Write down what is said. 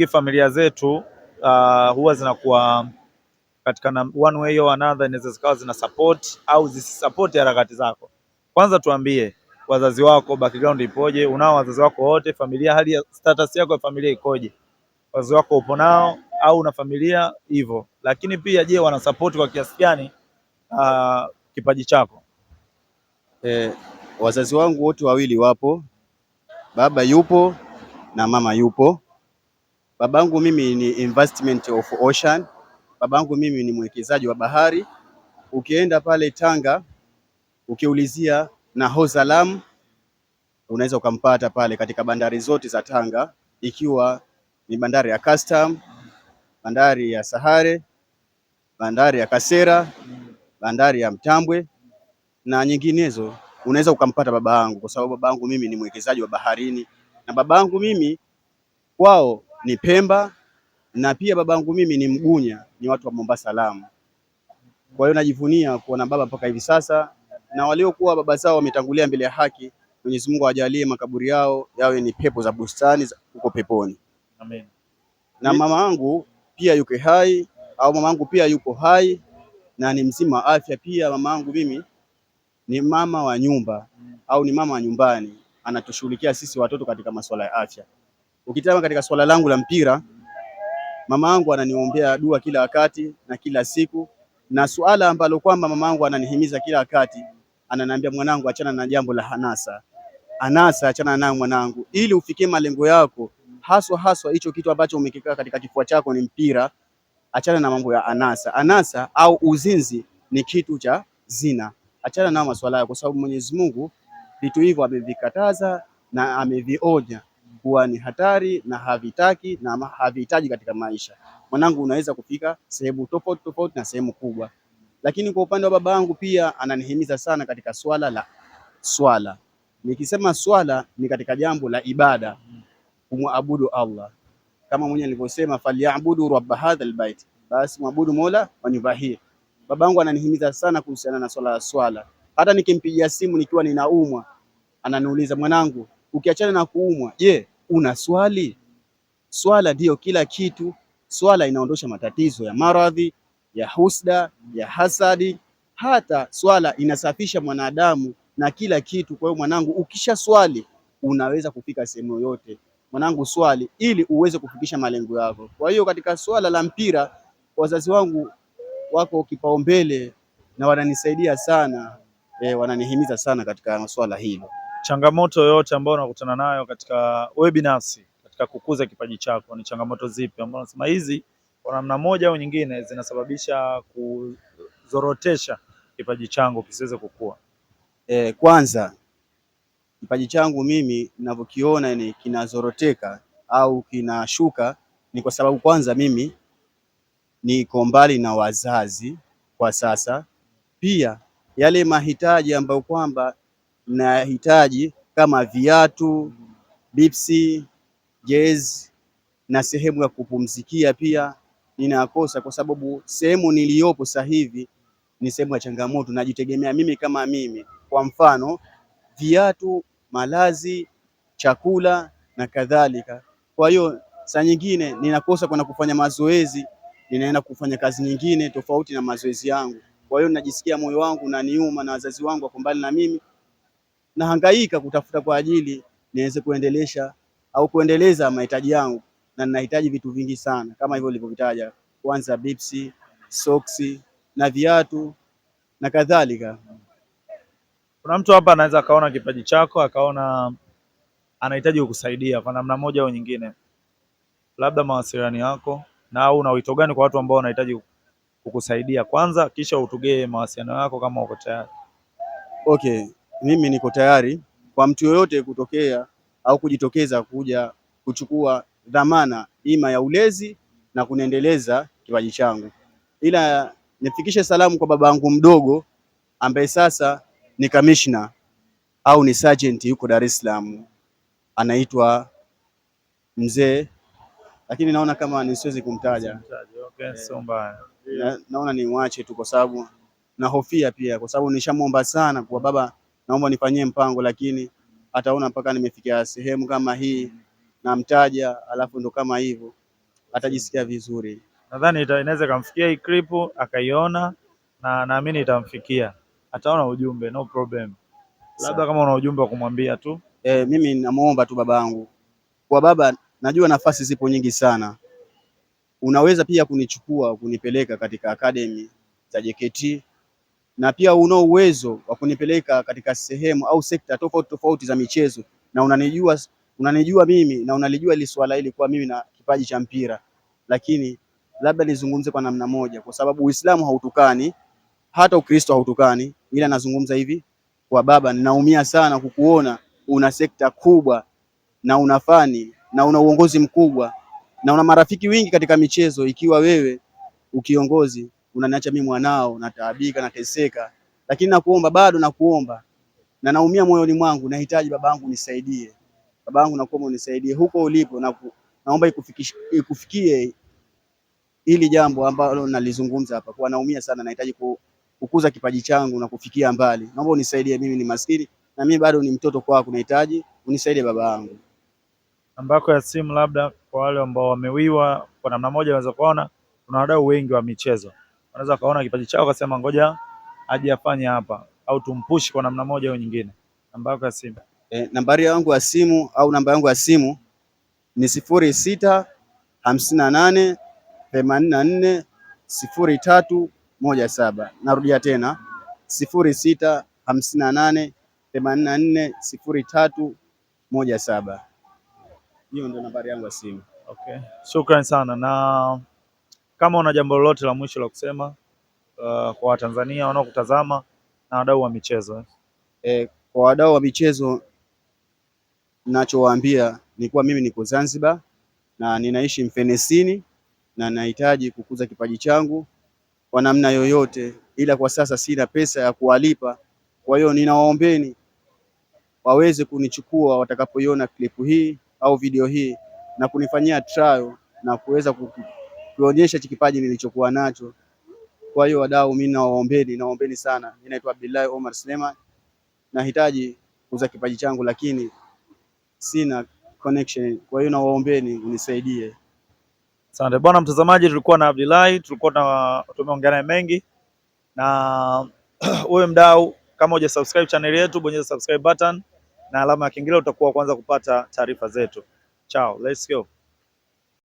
nyingi familia zetu uh, huwa zinakuwa katika na one way or another, inaweza zikawa zina support au zisisupport harakati zako. Kwanza tuambie wazazi wako background ipoje, unao wazazi wako wote, familia, hali ya status yako ya familia ikoje, wazazi wako upo nao au una familia hivyo. Lakini pia je, wana support kwa kiasi gani uh, kipaji chako? Eh, wazazi wangu wote wawili wapo, baba yupo na mama yupo Babangu mimi ni investment of ocean. Babangu mimi ni mwekezaji wa bahari. Ukienda pale Tanga ukiulizia na Hozalam unaweza ukampata pale katika bandari zote za Tanga, ikiwa ni bandari ya Custom, bandari ya Sahare, bandari ya Kasera, bandari ya Mtambwe na nyinginezo, unaweza ukampata baba yangu, kwa sababu baba yangu mimi ni mwekezaji wa baharini, na baba yangu mimi kwao ni Pemba na pia babangu mimi ni Mgunya, ni watu wa Mombasa Lamu. Kwa hiyo najivunia kuona baba mpaka hivi sasa, na waliokuwa baba zao wametangulia mbele ya haki, Mwenyezi Mungu awajalie makaburi yao yawe ni pepo za bustani huko peponi. Amen. Na mama wangu pia yuko hai au mama wangu pia yuko hai na ni mzima wa afya pia. Mama wangu mimi ni mama wa nyumba au ni mama wa nyumbani, anatushughulikia sisi watoto katika masuala ya afya. Ukitazama katika swala langu la mpira, mama yangu ananiombea dua kila wakati na kila siku, na suala ambalo kwamba mama yangu ananihimiza kila wakati, ananiambia mwanangu, achana na jambo la hanasa. Anasa achana nayo mwanangu, ili ufikie malengo yako, haswa haswa hicho kitu ambacho umekikaa katika kifua chako ni mpira. Achana na mambo ya anasa. Anasa au uzinzi ni kitu cha zina, achana nayo maswala yao, kwa sababu Mwenyezi Mungu vitu hivyo amevikataza na amevionya kuwa ni hatari na havitaki na havihitaji katika maisha. Mwanangu unaweza kufika sehemu tofauti tofauti na sehemu kubwa. Lakini kwa upande wa baba yangu pia ananihimiza sana katika swala la swala. Nikisema swala ni katika jambo la ibada, kumwabudu Allah kama mwenye alivyosema, falyabudu rabb hadha albayt, basi mwabudu mola wa nyumba hii. Babangu ananihimiza sana kuhusiana na swala la swala. Hata nikimpigia simu nikiwa ninaumwa, ananiuliza mwanangu, ukiachana na kuumwa, je, yeah una swali. Swala ndiyo kila kitu. Swala inaondosha matatizo ya maradhi, ya husda, ya hasadi, hata swala inasafisha mwanadamu na kila kitu. Kwa hiyo mwanangu, ukisha swali unaweza kufika sehemu yoyote. Mwanangu, swali ili uweze kufikisha malengo yako. Kwa hiyo katika swala la mpira, wazazi wangu wako kipaumbele na wananisaidia sana e, wananihimiza sana katika swala hilo changamoto yoyote ambayo unakutana nayo katika wewe binafsi katika kukuza kipaji chako, ni changamoto zipi ambazo unasema hizi kwa namna moja au nyingine zinasababisha kuzorotesha kipaji changu kisiweze kukua? E, kwanza kipaji changu mimi ninavyokiona ni kinazoroteka au kinashuka ni kwa sababu kwanza mimi niko mbali na wazazi kwa sasa, pia yale mahitaji ambayo kwamba nahitaji kama viatu, bipsi, jezi na sehemu ya kupumzikia pia ninakosa, kwa sababu sehemu niliyopo sasa hivi ni sehemu ya changamoto. Najitegemea mimi kama mimi, kwa mfano viatu, malazi, chakula na kadhalika. Kwa hiyo saa nyingine ninakosa kwenda kufanya mazoezi, ninaenda kufanya kazi nyingine tofauti na mazoezi yangu. Kwa hiyo najisikia moyo wangu unaniuma na wazazi wangu wako mbali na mimi, nahangaika kutafuta kwa ajili niweze kuendelesha au kuendeleza mahitaji yangu, na ninahitaji vitu vingi sana kama hivyo ulivyovitaja, kwanza bipsi, soksi na viatu na kadhalika. Kuna mtu hapa anaweza akaona kipaji chako akaona anahitaji kukusaidia kwa namna moja au nyingine, labda mawasiliano yako na au una wito gani kwa watu ambao wanahitaji kukusaidia kwanza, kisha utugee mawasiliano yako kama uko tayari. Okay mimi niko tayari kwa mtu yoyote kutokea au kujitokeza kuja kuchukua dhamana ima ya ulezi na kuniendeleza kipaji changu, ila nifikishe salamu kwa babangu mdogo ambaye sasa ni kamishna au ni sergeant yuko Dar es Salaam, anaitwa mzee, lakini naona kama nisiwezi kumtaja. Okay, so na, naona niwache tu kwa sababu nahofia pia, kwa sababu nishamwomba sana kwa baba naomba nifanyie mpango, lakini ataona mpaka nimefikia sehemu kama hii, namtaja alafu ndo kama hivyo, atajisikia vizuri. Nadhani inaweza ikamfikia hii clip akaiona, na naamini itamfikia, ataona ujumbe, no problem. Labda kama una ujumbe wa kumwambia tu. E, mimi namuomba tu babangu, kwa baba, najua nafasi zipo nyingi sana, unaweza pia kunichukua kunipeleka katika akademi za JKT na pia unao uwezo wa kunipeleka katika sehemu au sekta tofauti tofauti za michezo, na unanijua, unanijua mimi na unalijua ili swala ili kuwa mimi na kipaji cha mpira, lakini labda nizungumze kwa namna moja, kwa sababu Uislamu hautukani hata Ukristo hautukani, ila nazungumza hivi kwa baba, ninaumia sana kukuona una sekta kubwa na una fani na una uongozi mkubwa na una marafiki wengi katika michezo, ikiwa wewe ukiongozi unaniacha mimi mwanao, nataabika, nateseka, lakini nakuomba, bado nakuomba na naumia moyoni mwangu, nahitaji babangu, nisaidie babangu, nakuomba unisaidie huko ulipo na ku, naomba ikufikie hili jambo ambalo nalizungumza hapa, kwa naumia sana, nahitaji kukuza kipaji changu na kufikia mbali. Naomba unisaidie, mimi ni maskini na mimi bado ni mtoto kwako, nahitaji unisaidie baba yangu. Ambako ya simu labda kwa wale ambao wamewiwa kwa namna moja, unaweza kuona kuna wadau wengi wa michezo wanaweza wakaona kipaji chao wakasema ngoja aje afanye hapa au tumpushi kwa namna moja au nyingine. Namba yako ya simu e, nambari yangu ya simu au namba yangu ya simu ni sifuri sita hamsini na nane themanini na nne sifuri tatu moja saba. Narudia tena sifuri sita hamsini na nane themanini na nne sifuri tatu moja saba. Hiyo ndio nambari yangu ya simu. Okay. Shukrani sana na kama una jambo lolote la mwisho la kusema uh, kwa Watanzania wanaokutazama na wadau wa michezo eh? eh kwa wadau wa michezo nachowaambia ni kuwa mimi niko Zanzibar na ninaishi Mfenesini na nahitaji kukuza kipaji changu kwa namna yoyote, ila kwa sasa sina pesa ya kuwalipa. Kwa hiyo ninawaombeni waweze kunichukua watakapoiona klipu hii au video hii na kunifanyia trial na kuweza tuonyeshe kipaji nilichokuwa nacho. Kwa hiyo wadau, mimi nawaombeni, nawaombeni sana. Ninaitwa Abdullahi Omar Suleiman, nahitaji kuuza kipaji changu lakini sina connection, kwa hiyo nawaombeni unisaidie. Asante bwana mtazamaji, tulikuwa na Abdullahi, tulikuwa na tumeongea naye mengi na wewe mdau, kama uja subscribe channel yetu bonyeza subscribe button na alama ya kengele, utakuwa kwanza kupata taarifa zetu. Chao, let's go.